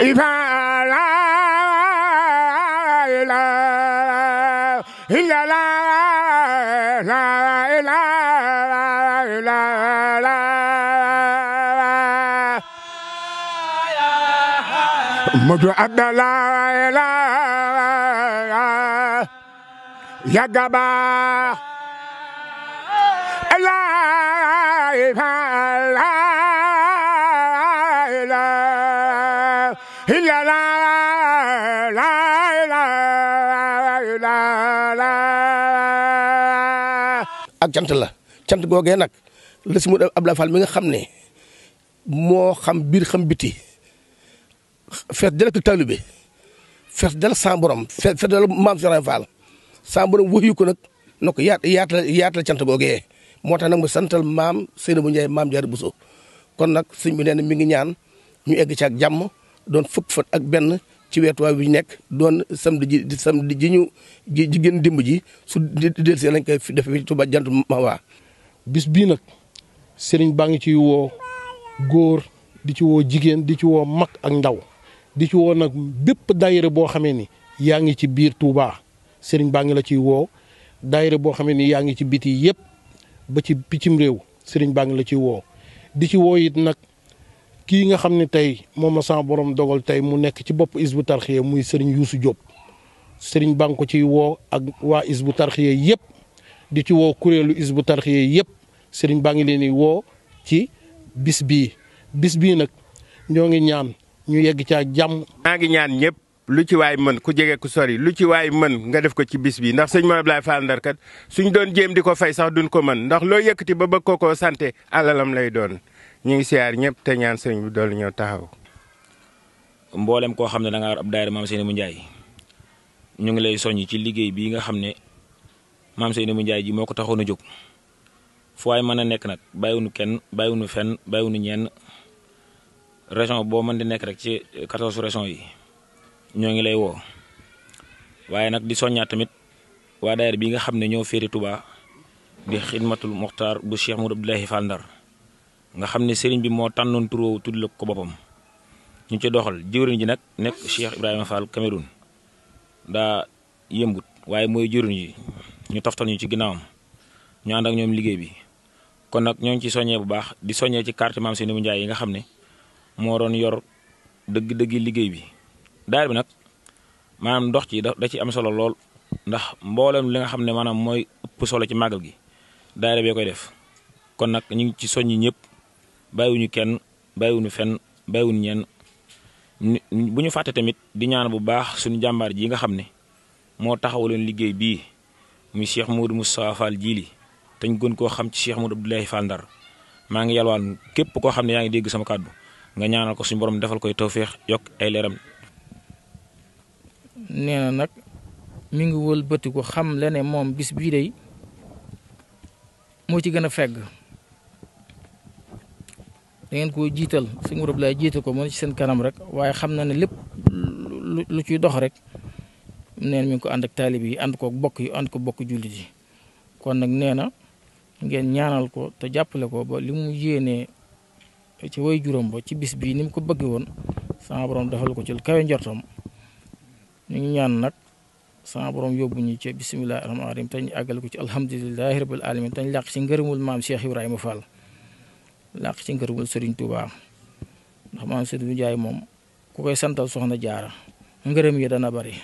إذا لا إله إلا لا لا إله إلا لا مجو أدى لا إله يا جبا لا إله ak cant la cant googee nag la si mu Abdoulaye Fall mi nga xam ne moo xam biir xam biti fees dal ak taalibe fees dal sa borom fees dal maam Serigne Fall sa borom wuyu ko nag na ko yaat yaatal yaatal cant googee moo tax nag mu santal maam Seydou Ndiaye maam Diarra Bousso kon nag sëñ bi nee na mi ngi ñaan ñu egg ci ak jàmm doon fukk fan ak benn ci wetuwaay bi nekk doon samedi ji samedi ji ñu ji ji gën dimb ji su dellusee lañ koy def fi Touba jant Mawa. bis bii nag sëriñ baa ngi ciy woo góor di ci woo jigéen di ci woo mag ak ndaw di ci woo nag bépp daayira boo xamee ni yaa ngi ci biir Touba sëriñ baa ngi la ciy woo daayira boo xamee ni yaa ngi ci biti yëpp ba ci piccim réew sëriñ baa ngi la ciy woo di ci woo nag kii nga xam ne tey moom la sama borom dogal tey mu nekk ci bopp Hizbut Tarqiyyah muy Serigne Youssou Diop Serigne baa ngi ko ci woo ak waa Hizbut Tarqiyyah yëpp di ci woo kuréelu Hizbut Tarqiyyah yëpp sëriñ baa ngi leen di woo ci bis bii bis bii nag ñoo ngi ñaan ñu yegg caa jàmm. maa ngi ñaan ñëpp lu ci waay mën ku jege ku sori lu ci waay mën nga def ko ci bis bii ndax sëñ Mame Abdoulaye Fall Ndar suñ doon jéem di ko fay sax duñ ko mën ndax loo yëkkati ba bëgg ko koo sante lay doon. ñu ngi siyaar ñëpp te ñaan sëriñ bi doolu ñëw taxaw. mboolem koo xam ne danga ngaa war ab daayira maam Seynabou Ndiaye ñu ngi lay soñ ci liggéey bii nga xam ne maam Seynabou Ndiaye ji moo ko taxoon a jóg fu waay mën a nekk nag bàyyiwuñu kenn bàyyiwuñu fenn bàyyiwuñu ñenn région boo mën di nekk rek ci quatorze régions yi ñoo ngi lay woo waaye nag di soññaat tamit waa daayira bi nga xam ne ñoo féeri tubaa di xidmatul Moxtaar bu Cheikh Mourou Abdoulaye Fall Ndar nga xam ne sëriñ bi moo tànnoon tur woowu tudd la ko boppam ñu ci doxal jiwriñ ji nag nekk Cheikh Ibrahima Fall Cameroun daa yëmbut waaye mooy jëwriñ ji ñu toftal ñu ci ginnaawam ñu ànd ak ñoom liggéey bi kon nag ñoo ngi ci soññee bu baax di soññee ci carte Maam mu Ndiaye yi nga xam ne moo doon yor dëgg-dëggi liggéey bi daayira bi nag maanaam ndox ci da ci am solo lool ndax mboolem li nga xam ne maanaam mooy ëpp solo ci màggal gi daayira bee koy def kon nag ñu ngi ci soññi ñëpp bàyyiwuñu kenn bàyyiwuñu fenn bàyyiwuñu ñenn bu ñu fàtte tamit di ñaan bu baax suñu jàmbaar ji nga xam ne moo taxawaloon liggéey bii muy Cheikh Modou mu Fall Djili te ñu gën koo xam ci Cheikh Modou Abdoulaye Fall Ndar maa ngi yalwaan képp koo xam ne yaa ngi dégg sama kàddu nga ñaanal ko suñu borom defal koy tawféex yokk ay leeram. nee na nag mu ngi wëlbati ko xam la ne moom bis bii day moo ci gën a fegg. dangeen ko jiital suñu rob laay jiite ko mën ci seen kanam rek waaye xam na ne lépp lu ciy dox rek neen mi ko ànd ak taalib yi ànd ko bokk yi ànd ko bokk jullit yi kon nag nee na ngeen ñaanal ko te jàppale ko ba li mu yéenee ci way juróom ba ci bis bii ni mu ko bëgg woon sama borom defal ko ci lu kawe njortam ñu ngi ñaan nag sama borom yóbbu ñu ci bisimilah rahmaani rahim te ñu ko ci alhamdulilahi rabil alamin te ñu làq ci ngërëmul maam see Ibrahima Fall làq ci ngërëmul Serigne Touba ndax maam Serigne jaay moom ku koy santal soxna jaara ngërëm yi dana bari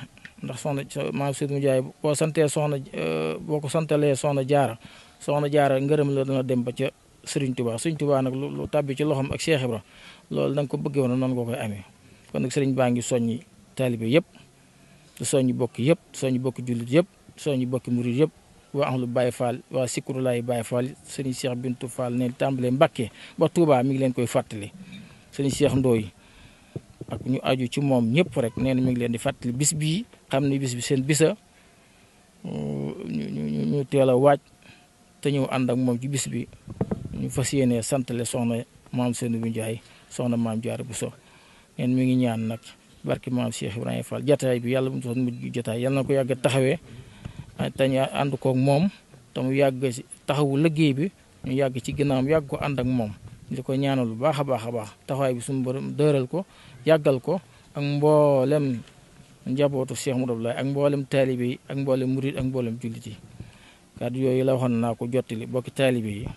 ndax soxna maam Serigne Ndiaye boo santee soxna eh, boo ko santalee soxna jaara soxna jaara ngërëm la dana dem ba ca Serigne Touba Serigne Touba nag lu tàbbi ci loxoom ak Cheikh Ibra loolu da ko bëggee woon noonu nga koy amee kon nag Serigne baa ngi soññi taalibe yëpp soññi bokk yëpp soññi bokk jullit yëpp soññi bokk murit yëpp. waa ahlu Baye Fall waa Sikurulaay Baye Fall sëriñ seex Bintu Fall ne tàmbalee Mbacke ba Touba mi ngi leen koy fàttali sëriñ Cheikh Ndoye ak ñu aju ci moom ñëpp rek nee na ngi leen di fàttali bis bii xam ne bis bi seen bisa ñu teel a waaj ñëw ànd ak moom ci bis bi ñu fas yéenee santale soxna maam Seynabou Ndiaye soxna neen mi ngi ñaan nag barki maam Cheikh Ibrahima Fall jataay bi yàlla bu ñu doon mujj jataay yàlla na ko yàgg taxawee. te ah, ñu ànd moom te mu yàgg taxawu liggéey bi ñu yàgg ci ginnaawam yàgg ko ànd ak moom di ko ñaanal bu baax a baax a baax taxawaay bi suñu borom dëral ko yàggal ko ak mboolem njabootu Cheikh Modou Abdoulaye ak mboolem taalibe yi ak mboolem murid ak mboolem jullit yi yooyu la waxoon naa ko jottali bokki taalibe